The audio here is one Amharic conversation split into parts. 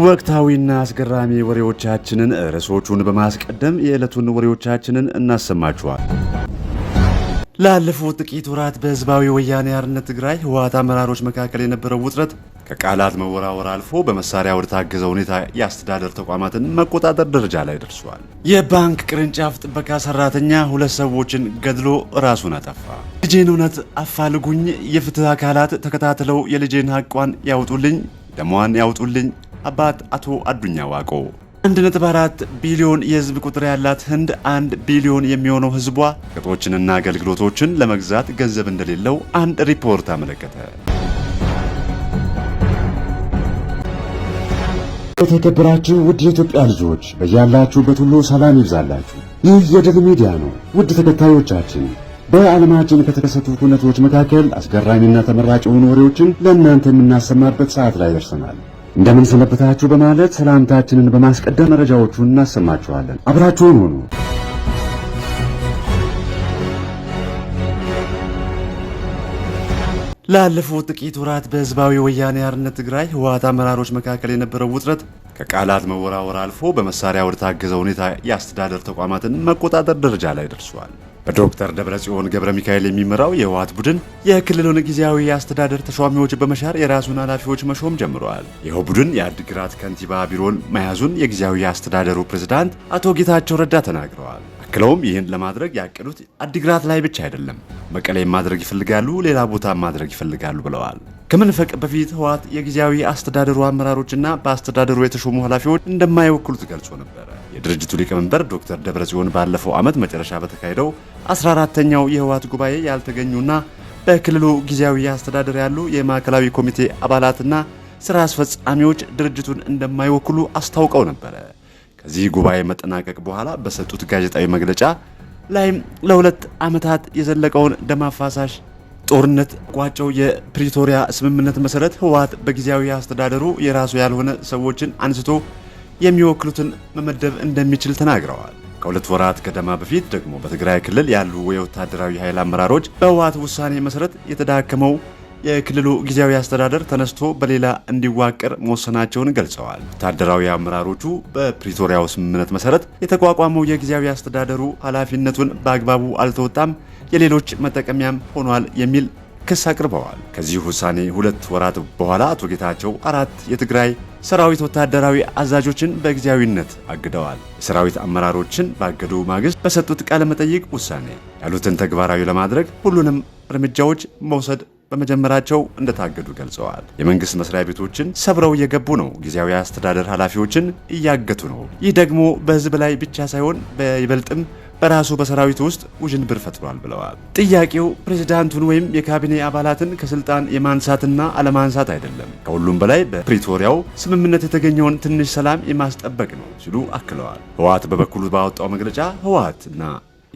ወቅታዊና አስገራሚ ወሬዎቻችንን ርዕሶቹን በማስቀደም የዕለቱን ወሬዎቻችንን እናሰማችኋል። ላለፉት ጥቂት ወራት በህዝባዊ ወያኔ ሓርነት ትግራይ ህወሓት አመራሮች መካከል የነበረው ውጥረት ከቃላት መወራወር አልፎ በመሳሪያ ወደ ታገዘ ሁኔታ የአስተዳደር ተቋማትን መቆጣጠር ደረጃ ላይ ደርሷል። የባንክ ቅርንጫፍ ጥበቃ ሰራተኛ ሁለት ሰዎችን ገድሎ ራሱን አጠፋ። ልጄን እውነት አፋልጉኝ፣ የፍትህ አካላት ተከታትለው የልጄን ሀቋን ያውጡልኝ፣ ደሟን ያውጡልኝ አባት አቶ አዱኛ ዋቆ። 1.4 ቢሊዮን የህዝብ ቁጥር ያላት ህንድ 1 ቢሊዮን የሚሆነው ህዝቧ ቅጦችንና አገልግሎቶችን ለመግዛት ገንዘብ እንደሌለው አንድ ሪፖርት አመለከተ። የተከበራችሁ ውድ የኢትዮጵያ ልጆች በያላችሁበት ሁሉ ሰላም ይብዛላችሁ። ይህ የድል ሚዲያ ነው። ውድ ተከታዮቻችን በዓለማችን ከተከሰቱ ሁነቶች መካከል አስገራሚና ተመራጭ የሆኑ ወሬዎችን ለእናንተ የምናሰማበት ሰዓት ላይ ደርሰናል። እንደምን ሰነበታችሁ በማለት ሰላምታችንን በማስቀደም መረጃዎቹን እናሰማችኋለን። አብራችሁን ሁኑ። ላለፉት ጥቂት ወራት በህዝባዊ ወያኔ አርነት ትግራይ ህወሓት አመራሮች መካከል የነበረው ውጥረት ከቃላት መወራወር አልፎ በመሳሪያ ወደ ታገዘ ሁኔታ የአስተዳደር ተቋማትን መቆጣጠር ደረጃ ላይ ደርሷል። በዶክተር ደብረጽዮን ገብረ ሚካኤል የሚመራው የህወሓት ቡድን የክልሉን ጊዜያዊ አስተዳደር ተሿሚዎች በመሻር የራሱን ኃላፊዎች መሾም ጀምረዋል። ይኸው ቡድን የአዲግራት ከንቲባ ቢሮን መያዙን የጊዜያዊ አስተዳደሩ ፕሬዝዳንት አቶ ጌታቸው ረዳ ተናግረዋል። አክለውም ይህን ለማድረግ ያቀዱት አዲግራት ላይ ብቻ አይደለም፣ መቀሌም ማድረግ ይፈልጋሉ፣ ሌላ ቦታ ማድረግ ይፈልጋሉ ብለዋል። ከመንፈቅ በፊት ህወሓት የጊዜያዊ አስተዳደሩ አመራሮችና በአስተዳደሩ የተሾሙ ኃላፊዎች እንደማይወክሉት ገልጾ ነበር። የድርጅቱ ሊቀመንበር ዶክተር ደብረጽዮን ባለፈው ዓመት መጨረሻ በተካሄደው 14ተኛው የህወሓት ጉባኤ ያልተገኙና በክልሉ ጊዜያዊ አስተዳደር ያሉ የማዕከላዊ ኮሚቴ አባላትና ስራ አስፈጻሚዎች ድርጅቱን እንደማይወክሉ አስታውቀው ነበረ። ከዚህ ጉባኤ መጠናቀቅ በኋላ በሰጡት ጋዜጣዊ መግለጫ ላይም ለሁለት ዓመታት የዘለቀውን ደም አፋሳሽ ጦርነት ቋጨው የፕሪቶሪያ ስምምነት መሰረት ህወሓት በጊዜያዊ አስተዳደሩ የራሱ ያልሆነ ሰዎችን አንስቶ የሚወክሉትን መመደብ እንደሚችል ተናግረዋል። ከሁለት ወራት ገደማ በፊት ደግሞ በትግራይ ክልል ያሉ የወታደራዊ ኃይል አመራሮች በህወሓት ውሳኔ መሰረት የተዳከመው የክልሉ ጊዜያዊ አስተዳደር ተነስቶ በሌላ እንዲዋቀር መወሰናቸውን ገልጸዋል። ወታደራዊ አመራሮቹ በፕሪቶሪያው ስምምነት መሰረት የተቋቋመው የጊዜያዊ አስተዳደሩ ኃላፊነቱን በአግባቡ አልተወጣም፣ የሌሎች መጠቀሚያም ሆኗል የሚል ክስ አቅርበዋል። ከዚህ ውሳኔ ሁለት ወራት በኋላ አቶ ጌታቸው አራት የትግራይ ሰራዊት ወታደራዊ አዛዦችን በጊዜያዊነት አግደዋል። የሰራዊት አመራሮችን ባገዱ ማግስት በሰጡት ቃለ መጠይቅ ውሳኔ ያሉትን ተግባራዊ ለማድረግ ሁሉንም እርምጃዎች መውሰድ በመጀመራቸው እንደታገዱ ገልጸዋል። የመንግስት መስሪያ ቤቶችን ሰብረው እየገቡ ነው። ጊዜያዊ አስተዳደር ኃላፊዎችን እያገቱ ነው። ይህ ደግሞ በህዝብ ላይ ብቻ ሳይሆን በይበልጥም በራሱ በሰራዊት ውስጥ ውዥንብር ፈጥሯል ብለዋል። ጥያቄው ፕሬዚዳንቱን ወይም የካቢኔ አባላትን ከስልጣን የማንሳትና አለማንሳት አይደለም፣ ከሁሉም በላይ በፕሪቶሪያው ስምምነት የተገኘውን ትንሽ ሰላም የማስጠበቅ ነው ሲሉ አክለዋል። ህወሓት በበኩሉ ባወጣው መግለጫ ህወሓት እና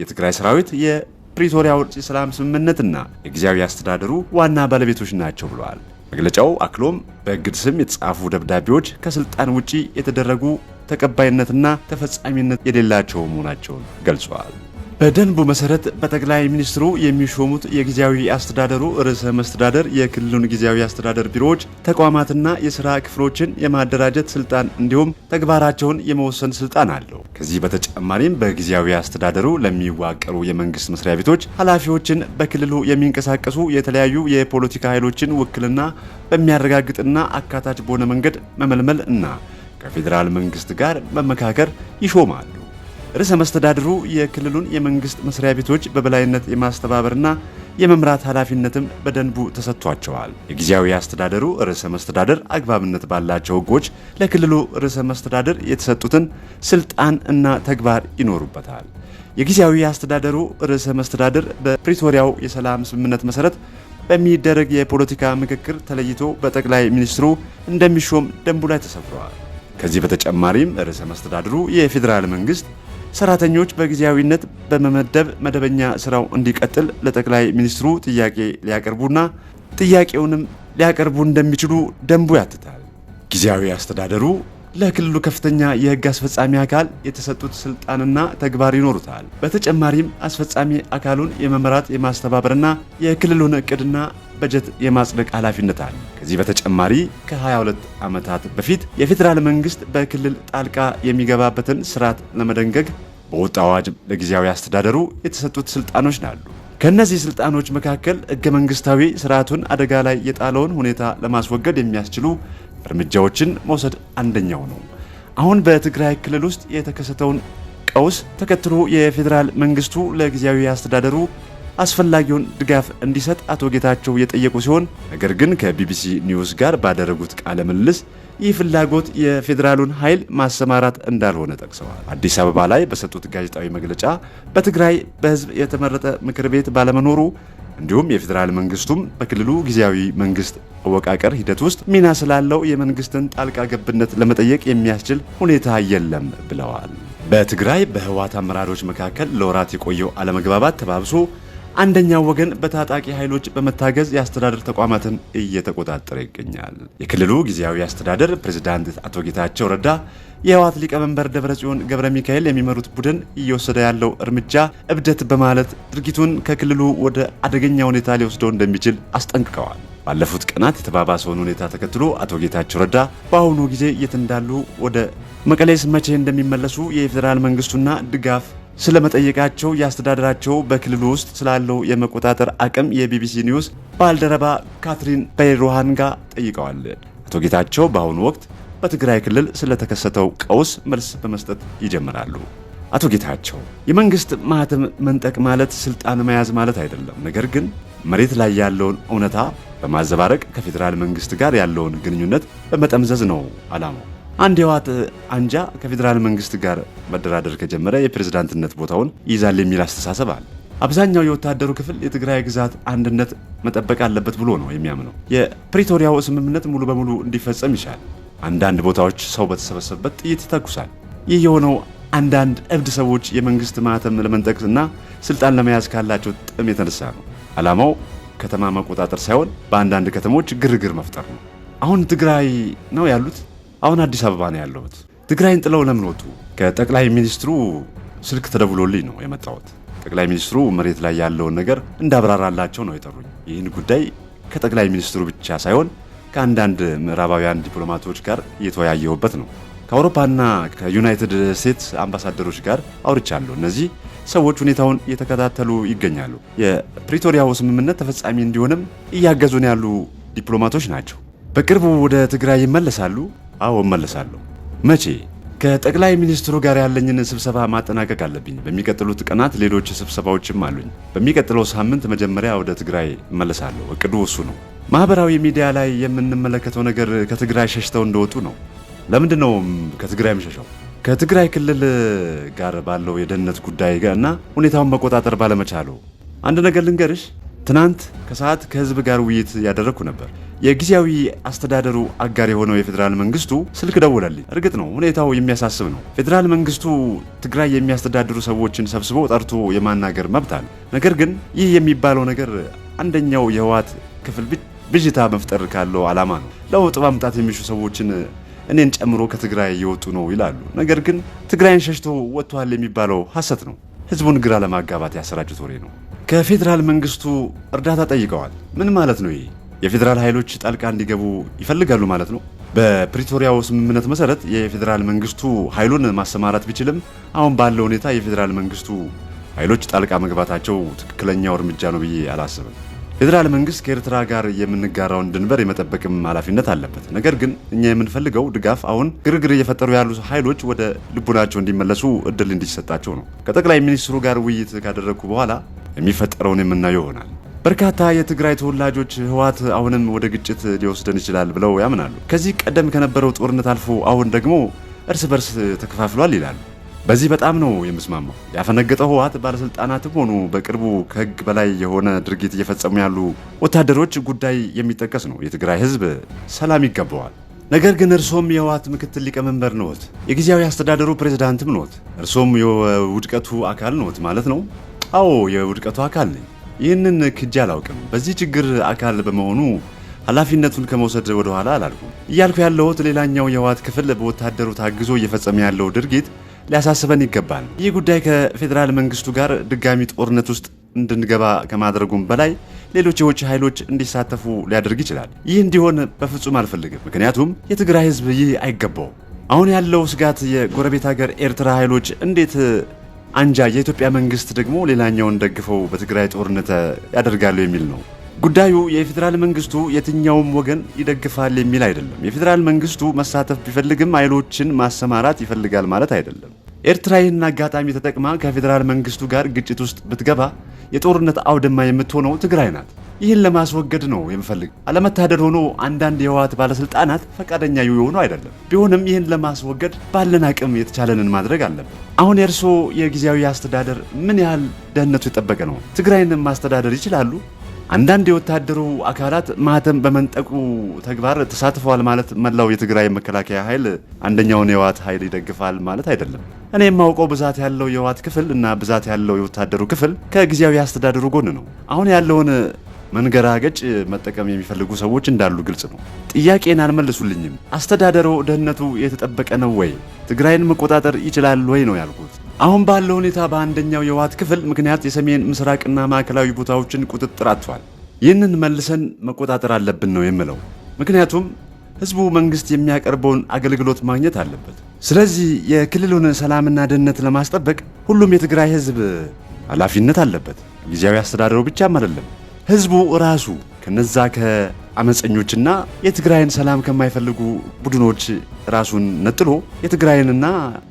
የትግራይ ሰራዊት የፕሪቶሪያው የሰላም ስምምነትና የጊዜያዊ አስተዳደሩ ዋና ባለቤቶች ናቸው ብለዋል። መግለጫው አክሎም በእግድ ስም የተጻፉ ደብዳቤዎች ከስልጣን ውጪ የተደረጉ ተቀባይነትና ተፈጻሚነት የሌላቸው መሆናቸውን ገልጸዋል። በደንቡ መሰረት በጠቅላይ ሚኒስትሩ የሚሾሙት የጊዜያዊ አስተዳደሩ ርዕሰ መስተዳደር የክልሉን ጊዜያዊ አስተዳደር ቢሮዎች፣ ተቋማትና የሥራ ክፍሎችን የማደራጀት ስልጣን እንዲሁም ተግባራቸውን የመወሰን ስልጣን አለው። ከዚህ በተጨማሪም በጊዜያዊ አስተዳደሩ ለሚዋቀሩ የመንግስት መስሪያ ቤቶች ኃላፊዎችን በክልሉ የሚንቀሳቀሱ የተለያዩ የፖለቲካ ኃይሎችን ውክልና በሚያረጋግጥና አካታች በሆነ መንገድ መመልመል እና ከፌዴራል መንግስት ጋር መመካከር ይሾማሉ። ርዕሰ መስተዳድሩ የክልሉን የመንግስት መስሪያ ቤቶች በበላይነት የማስተባበርና የመምራት ኃላፊነትም በደንቡ ተሰጥቷቸዋል። የጊዜያዊ አስተዳደሩ ርዕሰ መስተዳደር አግባብነት ባላቸው ህጎች ለክልሉ ርዕሰ መስተዳደር የተሰጡትን ስልጣን እና ተግባር ይኖሩበታል። የጊዜያዊ አስተዳደሩ ርዕሰ መስተዳደር በፕሪቶሪያው የሰላም ስምምነት መሰረት በሚደረግ የፖለቲካ ምክክር ተለይቶ በጠቅላይ ሚኒስትሩ እንደሚሾም ደንቡ ላይ ተሰፍሯል። ከዚህ በተጨማሪም ርዕሰ መስተዳድሩ የፌዴራል መንግስት ሰራተኞች በጊዜያዊነት በመመደብ መደበኛ ስራው እንዲቀጥል ለጠቅላይ ሚኒስትሩ ጥያቄ ሊያቀርቡና ጥያቄውንም ሊያቀርቡ እንደሚችሉ ደንቡ ያትታል። ጊዜያዊ አስተዳደሩ ለክልሉ ከፍተኛ የህግ አስፈጻሚ አካል የተሰጡት ስልጣንና ተግባር ይኖሩታል። በተጨማሪም አስፈጻሚ አካሉን የመምራት የማስተባበርና የክልሉን እቅድና በጀት የማጽደቅ ኃላፊነት አለ። ከዚህ በተጨማሪ ከ22 ዓመታት በፊት የፌዴራል መንግስት በክልል ጣልቃ የሚገባበትን ስርዓት ለመደንገግ በወጣ አዋጅ ለጊዜያዊ አስተዳደሩ የተሰጡት ስልጣኖች ናሉ። ከእነዚህ ስልጣኖች መካከል ህገ መንግስታዊ ስርዓቱን አደጋ ላይ የጣለውን ሁኔታ ለማስወገድ የሚያስችሉ እርምጃዎችን መውሰድ አንደኛው ነው። አሁን በትግራይ ክልል ውስጥ የተከሰተውን ቀውስ ተከትሎ የፌዴራል መንግስቱ ለጊዜያዊ አስተዳደሩ አስፈላጊውን ድጋፍ እንዲሰጥ አቶ ጌታቸው የጠየቁ ሲሆን ነገር ግን ከቢቢሲ ኒውስ ጋር ባደረጉት ቃለ ምልልስ ይህ ፍላጎት የፌዴራሉን ኃይል ማሰማራት እንዳልሆነ ጠቅሰዋል። አዲስ አበባ ላይ በሰጡት ጋዜጣዊ መግለጫ በትግራይ በህዝብ የተመረጠ ምክር ቤት ባለመኖሩ እንዲሁም የፌዴራል መንግስቱም በክልሉ ጊዜያዊ መንግስት አወቃቀር ሂደት ውስጥ ሚና ስላለው የመንግስትን ጣልቃ ገብነት ለመጠየቅ የሚያስችል ሁኔታ የለም ብለዋል። በትግራይ በህወሓት አመራሮች መካከል ለወራት የቆየው አለመግባባት ተባብሶ አንደኛው ወገን በታጣቂ ኃይሎች በመታገዝ የአስተዳደር ተቋማትን እየተቆጣጠረ ይገኛል። የክልሉ ጊዜያዊ አስተዳደር ፕሬዝዳንት አቶ ጌታቸው ረዳ የህወሓት ሊቀመንበር ደብረጽዮን ገብረ ሚካኤል የሚመሩት ቡድን እየወሰደ ያለው እርምጃ እብደት በማለት ድርጊቱን ከክልሉ ወደ አደገኛ ሁኔታ ሊወስደው እንደሚችል አስጠንቅቀዋል። ባለፉት ቀናት የተባባሰውን ሁኔታ ተከትሎ አቶ ጌታቸው ረዳ በአሁኑ ጊዜ የት እንዳሉ፣ ወደ መቀሌስ መቼ እንደሚመለሱ የፌዴራል መንግስቱና ድጋፍ ስለመጠየቃቸው የአስተዳደራቸው በክልሉ ውስጥ ስላለው የመቆጣጠር አቅም የቢቢሲ ኒውስ ባልደረባ ካትሪን ቤይሮሃን ጋር ጠይቀዋል። አቶ ጌታቸው በአሁኑ ወቅት በትግራይ ክልል ስለተከሰተው ቀውስ መልስ በመስጠት ይጀምራሉ። አቶ ጌታቸው የመንግስት ማህተም መንጠቅ ማለት ስልጣን መያዝ ማለት አይደለም፣ ነገር ግን መሬት ላይ ያለውን እውነታ በማዘባረቅ ከፌዴራል መንግስት ጋር ያለውን ግንኙነት በመጠምዘዝ ነው አላማው። አንድ የዋት አንጃ ከፌዴራል መንግስት ጋር መደራደር ከጀመረ የፕሬዝዳንትነት ቦታውን ይይዛል የሚል አስተሳሰብ አለ። አብዛኛው የወታደሩ ክፍል የትግራይ ግዛት አንድነት መጠበቅ አለበት ብሎ ነው የሚያምነው። የፕሪቶሪያው ስምምነት ሙሉ በሙሉ እንዲፈጸም ይሻል። አንዳንድ ቦታዎች ሰው በተሰበሰበበት ጥይት ይተኩሳል። ይህ የሆነው አንዳንድ እብድ ሰዎች የመንግስት ማህተም ለመንጠቅ እና ስልጣን ለመያዝ ካላቸው ጥም የተነሳ ነው። ዓላማው ከተማ መቆጣጠር ሳይሆን በአንዳንድ ከተሞች ግርግር መፍጠር ነው። አሁን ትግራይ ነው ያሉት አሁን አዲስ አበባ ነው ያለሁት። ትግራይን ጥለው ለምን ወጡ? ከጠቅላይ ሚኒስትሩ ስልክ ተደውሎልኝ ነው የመጣሁት። ጠቅላይ ሚኒስትሩ መሬት ላይ ያለውን ነገር እንዳብራራላቸው ነው የጠሩኝ። ይህን ጉዳይ ከጠቅላይ ሚኒስትሩ ብቻ ሳይሆን ከአንዳንድ ምዕራባውያን ዲፕሎማቶች ጋር እየተወያየሁበት ነው። ከአውሮፓና ከዩናይትድ ስቴትስ አምባሳደሮች ጋር አውርቻለሁ። እነዚህ ሰዎች ሁኔታውን እየተከታተሉ ይገኛሉ። የፕሪቶሪያው ስምምነት ተፈጻሚ እንዲሆንም እያገዙን ያሉ ዲፕሎማቶች ናቸው። በቅርቡ ወደ ትግራይ ይመለሳሉ። አዎ እመለሳለሁ። መቼ? ከጠቅላይ ሚኒስትሩ ጋር ያለኝን ስብሰባ ማጠናቀቅ አለብኝ። በሚቀጥሉት ቀናት ሌሎች ስብሰባዎችም አሉኝ። በሚቀጥለው ሳምንት መጀመሪያ ወደ ትግራይ እመለሳለሁ። እቅዱ እሱ ነው። ማህበራዊ ሚዲያ ላይ የምንመለከተው ነገር ከትግራይ ሸሽተው እንደወጡ ነው። ለምንድን ነው ከትግራይ የምሸሸው? ከትግራይ ክልል ጋር ባለው የደህንነት ጉዳይ እና ሁኔታውን መቆጣጠር ባለመቻሉ አንድ ነገር ልንገርሽ ትናንት ከሰዓት ከህዝብ ጋር ውይይት ያደረግኩ ነበር። የጊዜያዊ አስተዳደሩ አጋር የሆነው የፌዴራል መንግስቱ ስልክ ደወለልኝ። እርግጥ ነው ሁኔታው የሚያሳስብ ነው። ፌዴራል መንግስቱ ትግራይ የሚያስተዳድሩ ሰዎችን ሰብስቦ ጠርቶ የማናገር መብት አለ። ነገር ግን ይህ የሚባለው ነገር አንደኛው የህወሓት ክፍል ብዥታ መፍጠር ካለው ዓላማ ነው። ለውጥ ማምጣት የሚሹ ሰዎችን እኔን ጨምሮ ከትግራይ እየወጡ ነው ይላሉ። ነገር ግን ትግራይን ሸሽቶ ወጥቷል የሚባለው ሐሰት ነው። ህዝቡን ግራ ለማጋባት ያሰራጩት ወሬ ነው። ከፌዴራል መንግስቱ እርዳታ ጠይቀዋል። ምን ማለት ነው ይሄ? የፌዴራል ኃይሎች ጣልቃ እንዲገቡ ይፈልጋሉ ማለት ነው። በፕሪቶሪያው ስምምነት መሰረት የፌዴራል መንግስቱ ኃይሉን ማሰማራት ቢችልም አሁን ባለው ሁኔታ የፌዴራል መንግስቱ ኃይሎች ጣልቃ መግባታቸው ትክክለኛው እርምጃ ነው ብዬ አላስብም። ፌዴራል መንግስት ከኤርትራ ጋር የምንጋራውን ድንበር የመጠበቅም ኃላፊነት አለበት። ነገር ግን እኛ የምንፈልገው ድጋፍ አሁን ግርግር እየፈጠሩ ያሉ ኃይሎች ወደ ልቡናቸው እንዲመለሱ እድል እንዲሰጣቸው ነው። ከጠቅላይ ሚኒስትሩ ጋር ውይይት ካደረግኩ በኋላ የሚፈጠረውን የምናየው ይሆናል። በርካታ የትግራይ ተወላጆች ህወሓት አሁንም ወደ ግጭት ሊወስደን ይችላል ብለው ያምናሉ። ከዚህ ቀደም ከነበረው ጦርነት አልፎ አሁን ደግሞ እርስ በርስ ተከፋፍሏል ይላሉ። በዚህ በጣም ነው የምስማማው። ያፈነገጠው ህወሓት ባለስልጣናትም ሆኑ በቅርቡ ከህግ በላይ የሆነ ድርጊት እየፈጸሙ ያሉ ወታደሮች ጉዳይ የሚጠቀስ ነው። የትግራይ ህዝብ ሰላም ይገባዋል። ነገር ግን እርሶም የህወሓት ምክትል ሊቀመንበር ነዎት፣ የጊዜያዊ አስተዳደሩ ፕሬዝዳንትም ነዎት። እርሶም የውድቀቱ አካል ነዎት ማለት ነው? አዎ የውድቀቱ አካል ነኝ። ይህንን ክጄ አላውቅም። በዚህ ችግር አካል በመሆኑ ኃላፊነቱን ከመውሰድ ወደኋላ አላልኩም። እያልኩ ያለሁት ሌላኛው የህወሓት ክፍል በወታደሩ ታግዞ እየፈጸመ ያለው ድርጊት ሊያሳስበን ይገባል። ይህ ጉዳይ ከፌዴራል መንግስቱ ጋር ድጋሚ ጦርነት ውስጥ እንድንገባ ከማድረጉም በላይ ሌሎች የውጭ ኃይሎች እንዲሳተፉ ሊያደርግ ይችላል። ይህ እንዲሆን በፍጹም አልፈልግም። ምክንያቱም የትግራይ ህዝብ ይህ አይገባው። አሁን ያለው ስጋት የጎረቤት ሀገር ኤርትራ ኃይሎች እንዴት አንጃ የኢትዮጵያ መንግስት ደግሞ ሌላኛውን ደግፈው በትግራይ ጦርነት ያደርጋሉ የሚል ነው። ጉዳዩ የፌዴራል መንግስቱ የትኛውም ወገን ይደግፋል የሚል አይደለም። የፌዴራል መንግስቱ መሳተፍ ቢፈልግም ኃይሎችን ማሰማራት ይፈልጋል ማለት አይደለም። ኤርትራ ይህን አጋጣሚ ተጠቅማ ከፌዴራል መንግስቱ ጋር ግጭት ውስጥ ብትገባ የጦርነት አውድማ የምትሆነው ትግራይ ናት። ይህን ለማስወገድ ነው የምፈልግ። አለመታደል ሆኖ አንዳንድ የህወሓት ባለስልጣናት ፈቃደኛ የሆኑ አይደለም። ቢሆንም ይህን ለማስወገድ ባለን አቅም የተቻለንን ማድረግ አለብን። አሁን የእርስዎ የጊዜያዊ አስተዳደር ምን ያህል ደህንነቱ የጠበቀ ነው? ትግራይንም ማስተዳደር ይችላሉ? አንዳንድ የወታደሩ አካላት ማህተም በመንጠቁ ተግባር ተሳትፈዋል ማለት መላው የትግራይ መከላከያ ኃይል አንደኛውን የህወሓት ኃይል ይደግፋል ማለት አይደለም። እኔ የማውቀው ብዛት ያለው የህወሓት ክፍል እና ብዛት ያለው የወታደሩ ክፍል ከጊዜያዊ አስተዳደሩ ጎን ነው። አሁን ያለውን መንገራገጭ መጠቀም የሚፈልጉ ሰዎች እንዳሉ ግልጽ ነው። ጥያቄን አልመልሱልኝም። አስተዳደሩ ደህንነቱ የተጠበቀ ነው ወይ? ትግራይን መቆጣጠር ይችላል ወይ ነው ያልኩት። አሁን ባለው ሁኔታ በአንደኛው የህወሓት ክፍል ምክንያት የሰሜን ምስራቅና ማዕከላዊ ቦታዎችን ቁጥጥር አጥቷል። ይህንን መልሰን መቆጣጠር አለብን ነው የምለው። ምክንያቱም ህዝቡ መንግስት የሚያቀርበውን አገልግሎት ማግኘት አለበት። ስለዚህ የክልሉን ሰላምና ደህንነት ለማስጠበቅ ሁሉም የትግራይ ህዝብ ኃላፊነት አለበት። ጊዜያዊ አስተዳደሩ ብቻም አይደለም፣ ህዝቡ ራሱ ከነዛ ከአመፀኞችና የትግራይን ሰላም ከማይፈልጉ ቡድኖች ራሱን ነጥሎ የትግራይንና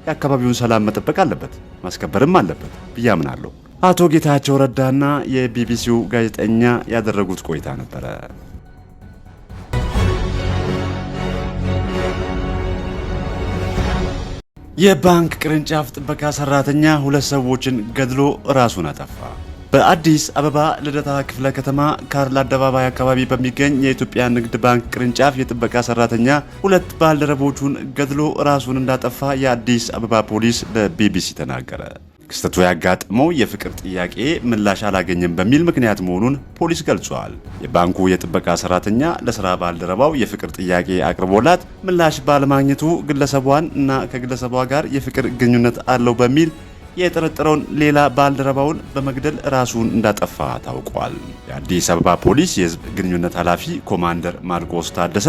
የአካባቢውን ሰላም መጠበቅ አለበት፣ ማስከበርም አለበት ብያምናለሁ። አምናለሁ። አቶ ጌታቸው ረዳና የቢቢሲው ጋዜጠኛ ያደረጉት ቆይታ ነበረ። የባንክ ቅርንጫፍ ጥበቃ ሰራተኛ ሁለት ሰዎችን ገድሎ ራሱን አጠፋ። በአዲስ አበባ ልደታ ክፍለ ከተማ ካርል አደባባይ አካባቢ በሚገኝ የኢትዮጵያ ንግድ ባንክ ቅርንጫፍ የጥበቃ ሰራተኛ ሁለት ባልደረቦቹን ገድሎ ራሱን እንዳጠፋ የአዲስ አበባ ፖሊስ ለቢቢሲ ተናገረ። ክስተቱ ያጋጠመው የፍቅር ጥያቄ ምላሽ አላገኘም በሚል ምክንያት መሆኑን ፖሊስ ገልጿል። የባንኩ የጥበቃ ሰራተኛ ለስራ ባልደረባው የፍቅር ጥያቄ አቅርቦላት ምላሽ ባለማግኘቱ ግለሰቧን እና ከግለሰቧ ጋር የፍቅር ግንኙነት አለው በሚል የጠረጠረውን ሌላ ባልደረባውን በመግደል ራሱን እንዳጠፋ ታውቋል። የአዲስ አበባ ፖሊስ የህዝብ ግንኙነት ኃላፊ ኮማንደር ማርቆስ ታደሰ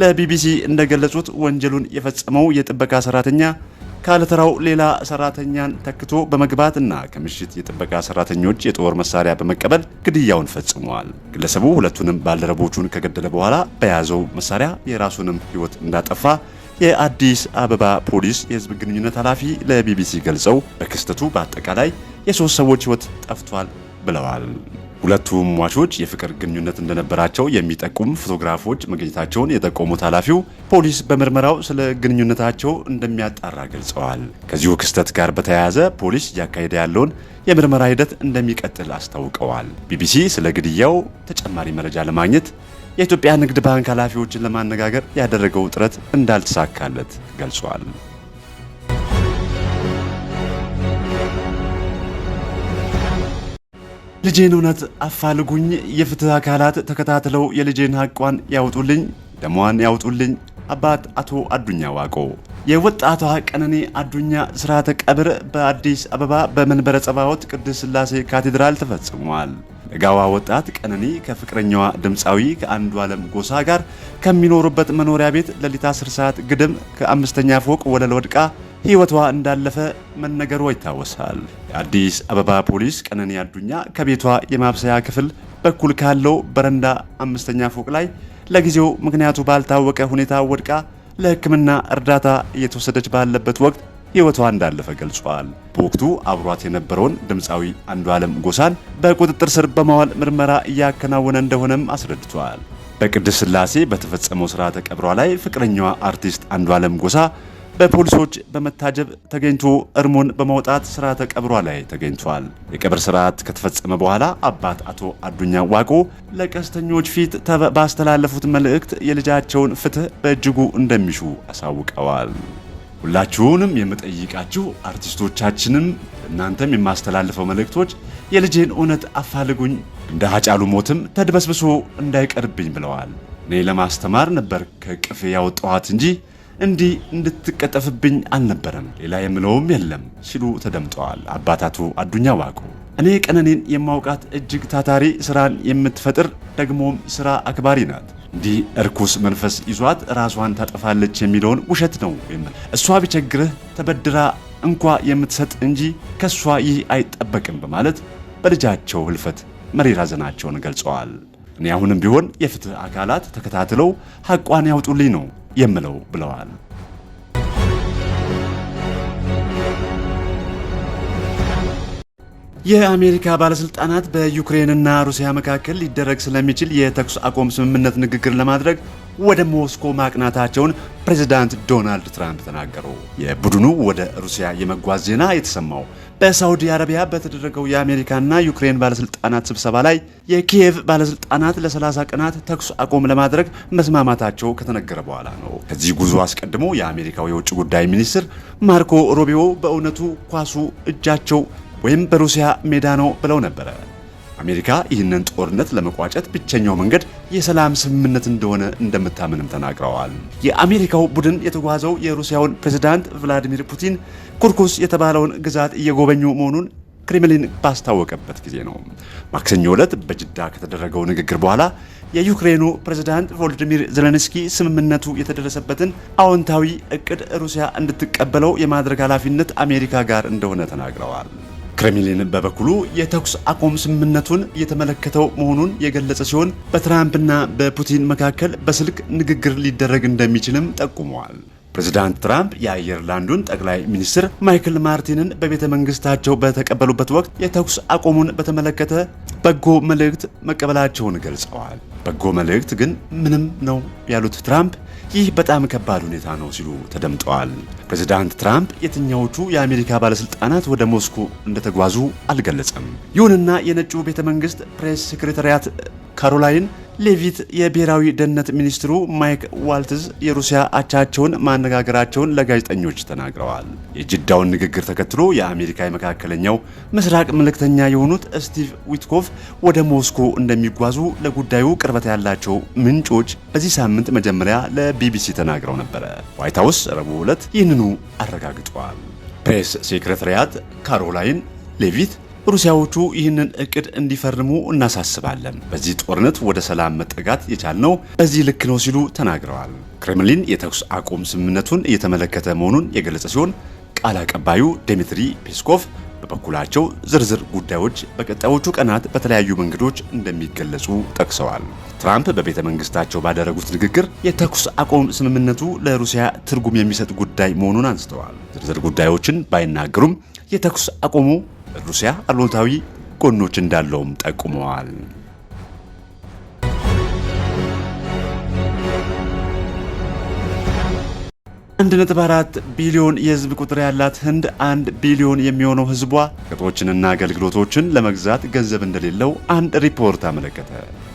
ለቢቢሲ እንደገለጹት ወንጀሉን የፈጸመው የጥበቃ ሰራተኛ ካለተራው ሌላ ሰራተኛን ተክቶ በመግባት እና ከምሽት የጥበቃ ሰራተኞች የጦር መሳሪያ በመቀበል ግድያውን ፈጽመዋል። ግለሰቡ ሁለቱንም ባልደረቦቹን ከገደለ በኋላ በያዘው መሳሪያ የራሱንም ህይወት እንዳጠፋ የአዲስ አበባ ፖሊስ የህዝብ ግንኙነት ኃላፊ ለቢቢሲ ገልጸው በክስተቱ በአጠቃላይ የሶስት ሰዎች ህይወት ጠፍቷል ብለዋል። ሁለቱም ሟቾች የፍቅር ግንኙነት እንደነበራቸው የሚጠቁም ፎቶግራፎች መገኘታቸውን የጠቆሙት ኃላፊው ፖሊስ በምርመራው ስለ ግንኙነታቸው እንደሚያጣራ ገልጸዋል። ከዚሁ ክስተት ጋር በተያያዘ ፖሊስ እያካሄደ ያለውን የምርመራ ሂደት እንደሚቀጥል አስታውቀዋል። ቢቢሲ ስለ ግድያው ተጨማሪ መረጃ ለማግኘት የኢትዮጵያ ንግድ ባንክ ኃላፊዎችን ለማነጋገር ያደረገው ጥረት እንዳልተሳካለት ገልጿል። ልጄን እውነት አፋልጉኝ፣ የፍትህ አካላት ተከታትለው የልጄን ሐቋን ያውጡልኝ፣ ደሟን ያውጡልኝ። አባት አቶ አዱኛ ዋቆ የወጣቷ ቀነኔ አዱኛ ስርዓተ ቀብር በአዲስ አበባ በመንበረ ጸባዖት ቅድስት ስላሴ ካቴድራል ተፈጽሟል። የጋዋ ወጣት ቀነኒ ከፍቅረኛዋ ድምፃዊ ከአንዱ ዓለም ጎሳ ጋር ከሚኖሩበት መኖሪያ ቤት ለሊት 10 ሰዓት ግድም ከአምስተኛ ፎቅ ወለል ወድቃ ሕይወቷ እንዳለፈ መነገሯ ይታወሳል። የአዲስ አበባ ፖሊስ ቀነኒ አዱኛ ከቤቷ የማብሰያ ክፍል በኩል ካለው በረንዳ አምስተኛ ፎቅ ላይ ለጊዜው ምክንያቱ ባልታወቀ ሁኔታ ወድቃ ለሕክምና እርዳታ እየተወሰደች ባለበት ወቅት ሕይወቷ እንዳለፈ ገልጿል። በወቅቱ አብሯት የነበረውን ድምፃዊ አንዱዓለም ጎሳን በቁጥጥር ስር በማዋል ምርመራ እያከናወነ እንደሆነም አስረድቷል። በቅድስት ሥላሴ በተፈጸመው ስርዓተ ቀብሯ ላይ ፍቅረኛዋ አርቲስት አንዱዓለም ጎሳ በፖሊሶች በመታጀብ ተገኝቶ እርሙን በማውጣት ስርዓተ ቀብሯ ላይ ተገኝቷል። የቀብር ስርዓት ከተፈጸመ በኋላ አባት አቶ አዱኛ ዋቆ ለቀስተኞች ፊት ባስተላለፉት መልእክት የልጃቸውን ፍትህ በእጅጉ እንደሚሹ አሳውቀዋል። ሁላችሁንም የምጠይቃችሁ አርቲስቶቻችንም እናንተም የማስተላልፈው መልእክቶች የልጄን እውነት አፋልጉኝ፣ እንደ ሀጫሉ ሞትም ተድበስብሶ እንዳይቀርብኝ ብለዋል። እኔ ለማስተማር ነበር ከቅፌ ያወጣኋት እንጂ እንዲህ እንድትቀጠፍብኝ አልነበረም፣ ሌላ የምለውም የለም ሲሉ ተደምጠዋል አባታቱ አዱኛ ዋቁ። እኔ ቀነኔን የማውቃት እጅግ ታታሪ ስራን የምትፈጥር ደግሞም ስራ አክባሪ ናት። እንዲህ እርኩስ መንፈስ ይዟት ራሷን ታጠፋለች የሚለውን ውሸት ነው። እሷ ቢቸግርህ ተበድራ እንኳ የምትሰጥ እንጂ ከእሷ ይህ አይጠበቅም በማለት በልጃቸው ህልፈት መሪር ሐዘናቸውን ገልጸዋል። እኔ አሁንም ቢሆን የፍትህ አካላት ተከታትለው ሐቋን ያውጡልኝ ነው የምለው ብለዋል። የአሜሪካ ባለስልጣናት በዩክሬንና ሩሲያ መካከል ሊደረግ ስለሚችል የተኩስ አቆም ስምምነት ንግግር ለማድረግ ወደ ሞስኮ ማቅናታቸውን ፕሬዚዳንት ዶናልድ ትራምፕ ተናገሩ። የቡድኑ ወደ ሩሲያ የመጓዝ ዜና የተሰማው በሳውዲ አረቢያ በተደረገው የአሜሪካና ዩክሬን ባለስልጣናት ስብሰባ ላይ የኪየቭ ባለስልጣናት ለ30 ቀናት ተኩስ አቁም ለማድረግ መስማማታቸው ከተነገረ በኋላ ነው። ከዚህ ጉዞ አስቀድሞ የአሜሪካው የውጭ ጉዳይ ሚኒስትር ማርኮ ሮቢዮ በእውነቱ ኳሱ እጃቸው ወይም በሩሲያ ሜዳ ነው ብለው ነበረ። አሜሪካ ይህንን ጦርነት ለመቋጨት ብቸኛው መንገድ የሰላም ስምምነት እንደሆነ እንደምታምንም ተናግረዋል። የአሜሪካው ቡድን የተጓዘው የሩሲያውን ፕሬዝዳንት ቭላዲሚር ፑቲን ኩርኩስ የተባለውን ግዛት እየጎበኙ መሆኑን ክሬምሊን ባስታወቀበት ጊዜ ነው። ማክሰኞ ዕለት በጅዳ ከተደረገው ንግግር በኋላ የዩክሬኑ ፕሬዝዳንት ቮሎዲሚር ዘለንስኪ ስምምነቱ የተደረሰበትን አዎንታዊ እቅድ ሩሲያ እንድትቀበለው የማድረግ ኃላፊነት አሜሪካ ጋር እንደሆነ ተናግረዋል። ክሬምሊን በበኩሉ የተኩስ አቁም ስምምነቱን እየተመለከተው መሆኑን የገለጸ ሲሆን በትራምፕና በፑቲን መካከል በስልክ ንግግር ሊደረግ እንደሚችልም ጠቁመዋል። ፕሬዚዳንት ትራምፕ የአየርላንዱን ጠቅላይ ሚኒስትር ማይክል ማርቲንን በቤተ መንግስታቸው በተቀበሉበት ወቅት የተኩስ አቁሙን በተመለከተ በጎ መልእክት መቀበላቸውን ገልጸዋል። በጎ መልእክት ግን ምንም ነው ያሉት ትራምፕ ይህ በጣም ከባድ ሁኔታ ነው ሲሉ ተደምጠዋል። ፕሬዚዳንት ትራምፕ የትኛዎቹ የአሜሪካ ባለስልጣናት ወደ ሞስኮ እንደተጓዙ አልገለጸም። ይሁንና የነጩ ቤተ መንግስት ፕሬስ ሴክሬታሪያት ካሮላይን ሌቪት የብሔራዊ ደህንነት ሚኒስትሩ ማይክ ዋልትዝ የሩሲያ አቻቸውን ማነጋገራቸውን ለጋዜጠኞች ተናግረዋል። የጅዳውን ንግግር ተከትሎ የአሜሪካ የመካከለኛው ምስራቅ መልእክተኛ የሆኑት ስቲቭ ዊትኮቭ ወደ ሞስኮ እንደሚጓዙ ለጉዳዩ ቅርበት ያላቸው ምንጮች በዚህ ሳምንት መጀመሪያ ለቢቢሲ ተናግረው ነበረ። ዋይት ሀውስ ረቡዕ ዕለት ይህንኑ አረጋግጠዋል። ፕሬስ ሴክሬታሪያት ካሮላይን ሌቪት ሩሲያዎቹ ይህንን እቅድ እንዲፈርሙ እናሳስባለን። በዚህ ጦርነት ወደ ሰላም መጠጋት የቻልነው በዚህ ልክ ነው ሲሉ ተናግረዋል። ክሬምሊን የተኩስ አቁም ስምምነቱን እየተመለከተ መሆኑን የገለጸ ሲሆን ቃል አቀባዩ ዲሚትሪ ፔስኮቭ በበኩላቸው ዝርዝር ጉዳዮች በቀጣዮቹ ቀናት በተለያዩ መንገዶች እንደሚገለጹ ጠቅሰዋል። ትራምፕ በቤተ መንግስታቸው ባደረጉት ንግግር የተኩስ አቁም ስምምነቱ ለሩሲያ ትርጉም የሚሰጥ ጉዳይ መሆኑን አንስተዋል። ዝርዝር ጉዳዮችን ባይናገሩም የተኩስ አቁሙ ሩሲያ አሉታዊ ጎኖች እንዳለውም ጠቁመዋል። አንድ ነጥብ አራት ቢሊዮን የህዝብ ቁጥር ያላት ህንድ አንድ ቢሊዮን የሚሆነው ህዝቧ ሸቀጦችንና አገልግሎቶችን ለመግዛት ገንዘብ እንደሌለው አንድ ሪፖርት አመለከተ።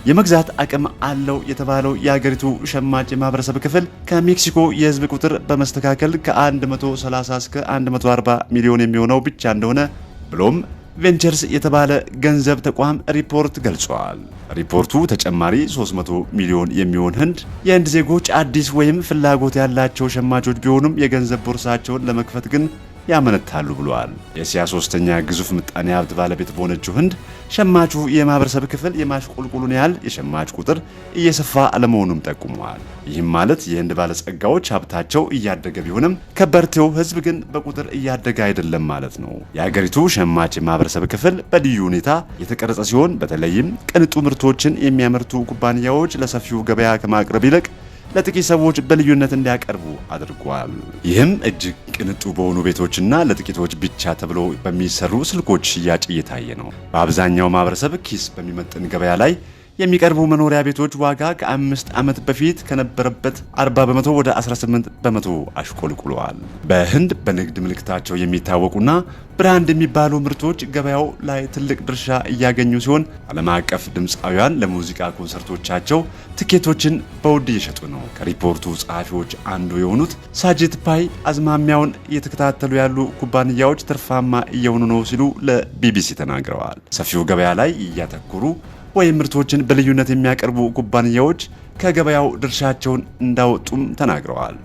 የመግዛት አቅም አለው የተባለው የአገሪቱ ሸማች የማህበረሰብ ክፍል ከሜክሲኮ የህዝብ ቁጥር በመስተካከል ከ130 እስከ 140 ሚሊዮን የሚሆነው ብቻ እንደሆነ ብሎም ቬንቸርስ የተባለ ገንዘብ ተቋም ሪፖርት ገልጿል። ሪፖርቱ ተጨማሪ 300 ሚሊዮን የሚሆን ህንድ የህንድ ዜጎች አዲስ ወይም ፍላጎት ያላቸው ሸማቾች ቢሆኑም የገንዘብ ቦርሳቸውን ለመክፈት ግን ያመነታሉ ብለዋል። የእስያ ሶስተኛ ግዙፍ ምጣኔ ሀብት ባለቤት በሆነችው ህንድ ሸማቹ የማህበረሰብ ክፍል የማሽቆልቆሉን ያህል የሸማች ቁጥር እየሰፋ አለመሆኑም ጠቁመዋል። ይህም ማለት የህንድ ባለጸጋዎች ሀብታቸው እያደገ ቢሆንም ከበርቴው ህዝብ ግን በቁጥር እያደገ አይደለም ማለት ነው። የአገሪቱ ሸማች የማህበረሰብ ክፍል በልዩ ሁኔታ የተቀረጸ ሲሆን በተለይም ቅንጡ ምርቶችን የሚያመርቱ ኩባንያዎች ለሰፊው ገበያ ከማቅረብ ይልቅ ለጥቂት ሰዎች በልዩነት እንዲያቀርቡ አድርጓል። ይህም እጅግ ቅንጡ በሆኑ ቤቶችና ለጥቂቶች ብቻ ተብሎ በሚሰሩ ስልኮች ሽያጭ እየታየ ነው። በአብዛኛው ማህበረሰብ ኪስ በሚመጥን ገበያ ላይ የሚቀርቡ መኖሪያ ቤቶች ዋጋ ከአምስት ዓመት በፊት ከነበረበት 40 በመቶ ወደ 18 በመቶ አሽቆልቁለዋል። በህንድ በንግድ ምልክታቸው የሚታወቁና ብራንድ የሚባሉ ምርቶች ገበያው ላይ ትልቅ ድርሻ እያገኙ ሲሆን ዓለም አቀፍ ድምፃውያን ለሙዚቃ ኮንሰርቶቻቸው ትኬቶችን በውድ እየሸጡ ነው። ከሪፖርቱ ጸሐፊዎች አንዱ የሆኑት ሳጅት ፓይ አዝማሚያውን እየተከታተሉ ያሉ ኩባንያዎች ትርፋማ እየሆኑ ነው ሲሉ ለቢቢሲ ተናግረዋል። ሰፊው ገበያ ላይ እያተኮሩ ወይም ምርቶችን በልዩነት የሚያቀርቡ ኩባንያዎች ከገበያው ድርሻቸውን እንዳወጡም ተናግረዋል።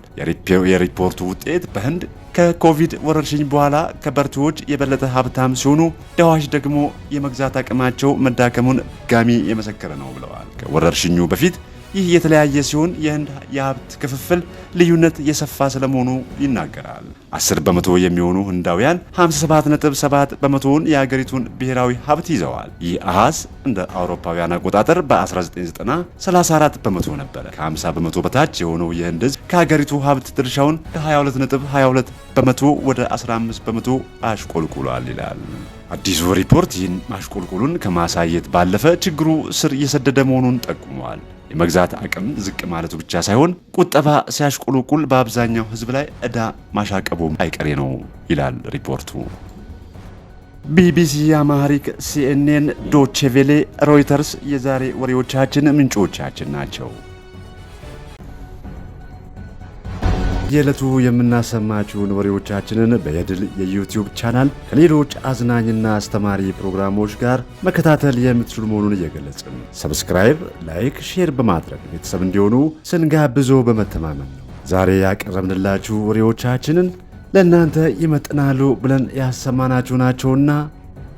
የሪፖርቱ ውጤት በህንድ ከኮቪድ ወረርሽኝ በኋላ ከበርቲዎች የበለጠ ሀብታም ሲሆኑ ደዋሽ ደግሞ የመግዛት አቅማቸው መዳከሙን ጋሚ የመሰከረ ነው ብለዋል። ከወረርሽኙ በፊት ይህ የተለያየ ሲሆን የህንድ የሀብት ክፍፍል ልዩነት የሰፋ ስለመሆኑ ይናገራል። 10 በመቶ የሚሆኑ ህንዳውያን 57.7 በመቶውን የአገሪቱን ብሔራዊ ሀብት ይዘዋል። ይህ አሃዝ እንደ አውሮፓውያን አቆጣጠር በ1990 34 በመቶ ነበረ። ከ50 በመቶ በታች የሆነው የህንድ ህዝብ ከአገሪቱ ሀብት ድርሻውን ከ22.22 በመቶ ወደ 15 በመቶ አሽቆልቁሏል ይላል። አዲሱ ሪፖርት ይህን ማሽቆልቆሉን ከማሳየት ባለፈ ችግሩ ስር እየሰደደ መሆኑን ጠቁመዋል። የመግዛት አቅም ዝቅ ማለቱ ብቻ ሳይሆን ቁጠባ ሲያሽቁልቁል በአብዛኛው ህዝብ ላይ እዳ ማሻቀቡም አይቀሬ ነው ይላል ሪፖርቱ። ቢቢሲ አማሪክ፣ ሲኤንኤን፣ ዶቼቬሌ፣ ሮይተርስ የዛሬ ወሬዎቻችን ምንጮቻችን ናቸው። የዕለቱ የምናሰማችውን ወሬዎቻችንን በየድል የዩቲዩብ ቻናል ከሌሎች አዝናኝና አስተማሪ ፕሮግራሞች ጋር መከታተል የምትችሉ መሆኑን እየገለጽን ሰብስክራይብ፣ ላይክ፣ ሼር በማድረግ ቤተሰብ እንዲሆኑ ስንጋብዞ በመተማመን ነው ዛሬ ያቀረብንላችሁ ወሬዎቻችንን ለእናንተ ይመጥናሉ ብለን ያሰማናችሁ ናቸውና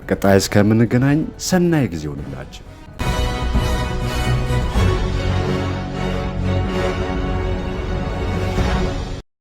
በቀጣይ እስከምንገናኝ ሰናይ ጊዜ ሆንላችሁ።